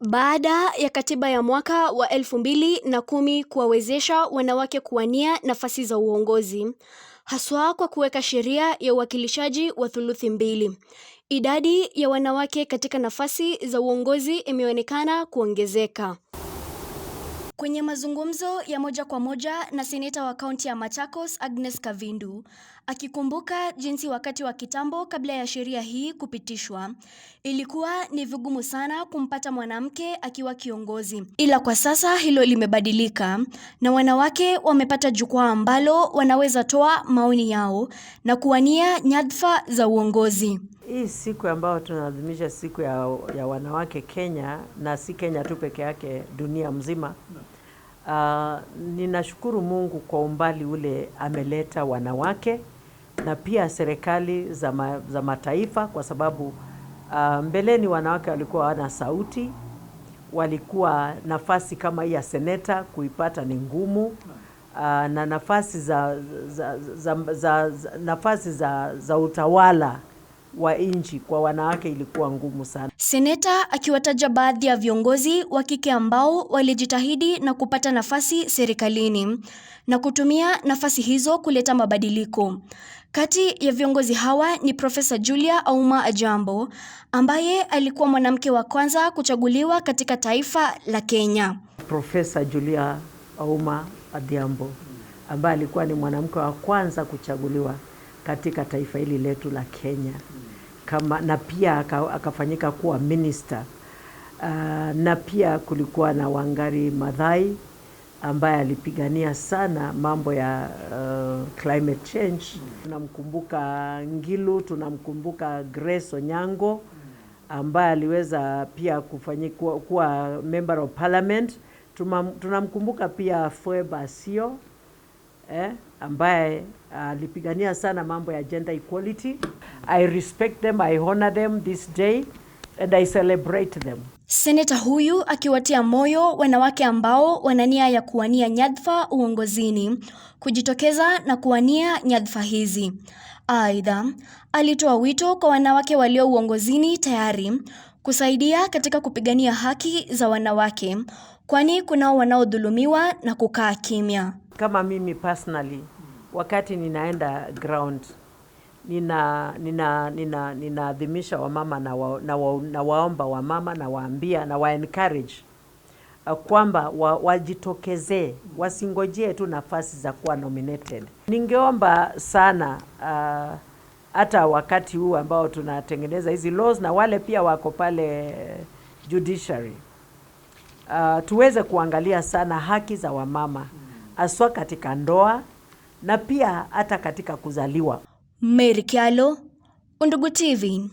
baada ya katiba ya mwaka wa elfu mbili na kumi kuwawezesha wanawake kuwania nafasi za uongozi haswa kwa kuweka sheria ya uwakilishaji wa thuluthi mbili. Idadi ya wanawake katika nafasi za uongozi imeonekana kuongezeka. Kwenye mazungumzo ya moja kwa moja na seneta wa kaunti ya Machakos Agnes Kavindu, akikumbuka jinsi wakati wa kitambo kabla ya sheria hii kupitishwa, ilikuwa ni vigumu sana kumpata mwanamke akiwa kiongozi, ila kwa sasa hilo limebadilika na wanawake wamepata jukwaa ambalo wanaweza toa maoni yao na kuwania nyadhifa za uongozi. Hii siku ambayo tunaadhimisha siku ya, ya wanawake Kenya, na si Kenya tu peke yake, dunia mzima no. Uh, ninashukuru Mungu kwa umbali ule ameleta wanawake na pia serikali za, ma, za mataifa kwa sababu uh, mbeleni wanawake walikuwa hawana sauti, walikuwa nafasi kama hii ya seneta kuipata ni ngumu uh, na nafasi za, za, za, za, za, nafasi za, za utawala wa nchi kwa wanawake ilikuwa ngumu sana. Seneta akiwataja baadhi ya viongozi wa kike ambao walijitahidi na kupata nafasi serikalini na kutumia nafasi hizo kuleta mabadiliko. Kati ya viongozi hawa ni Profesa Julia Auma Ajambo ambaye alikuwa mwanamke wa kwanza kuchaguliwa katika taifa la Kenya. Profesa Julia Auma ajambo ambaye alikuwa ni mwanamke wa kwanza kuchaguliwa katika taifa hili letu la Kenya kama, na pia akafanyika kuwa minister uh, na pia kulikuwa na Wangari madhai ambaye alipigania sana mambo ya uh, climate change. Tunamkumbuka Ngilu, tunamkumbuka Grace Onyango ambaye aliweza pia kufanyika kuwa member of parliament. Tunamkumbuka pia Fue Basio eh, ambaye ah, alipigania uh, sana mambo ya gender equality. I respect them, I honor them this day and I celebrate them. Seneta huyu akiwatia moyo wanawake ambao wana nia ya kuwania nyadhifa uongozini kujitokeza na kuwania nyadhifa hizi. Aidha, alitoa wito kwa wanawake walio uongozini tayari kusaidia katika kupigania haki za wanawake, kwani kunao wanaodhulumiwa na kukaa kimya kama mimi personally, wakati ninaenda ground nina nina nina ninaadhimisha wamama na, wa, na, wa, na waomba wamama na waambia na wa encourage uh, kwamba wa, wajitokezee wasingojee tu nafasi za kuwa nominated. Ningeomba sana uh, hata wakati huu ambao tunatengeneza hizi laws na wale pia wako pale judiciary uh, tuweze kuangalia sana haki za wamama haswa katika ndoa na pia hata katika kuzaliwa. Mary kyalo Undugu TV.